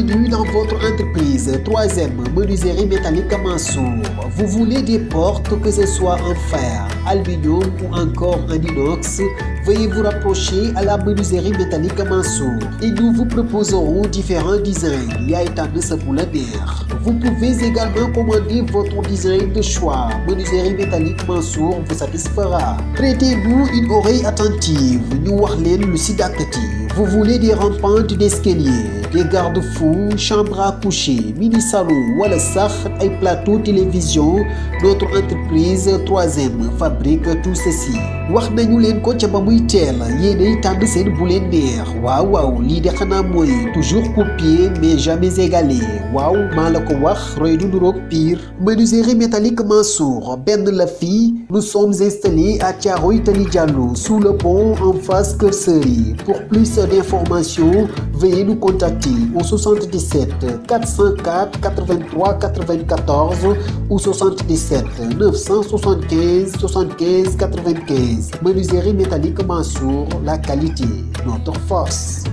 bienvenue dans votre entreprise. Troisième, menuiserie métallique Mansour. Vous voulez des portes, que ce soit en fer, aluminium ou encore en inox veuillez vous rapprocher à la menuiserie métallique Mansour et nous vous proposerons différents designs Il liés à la mer. Vous pouvez également commander votre design de choix. Menuiserie métallique Mansour vous satisfera. Prêtez-nous une oreille attentive. Nous Warlen le Vous voulez des rampantes d'escalier, des garde-fous, chambres à coucher, mini-salon, wala sax et plateau télévision. Notre entreprise 3M fabrique tout ceci. Nous nañu muy teel yéenay tànn seen bu leen neex waaw waaw de toujours copier mais jamais égalé, waaw maa la ko wax roy du nuroog pire menuserie métallique Mansour Ben la fii nous sommes installés à Tiaroy Tally sous le pont en face de Seury pour plus d'informations veuillez nous contacter au 77 404 83 94 ou 77 975 75 95. Menuiserie métallique Mansour, la qualité, notre force.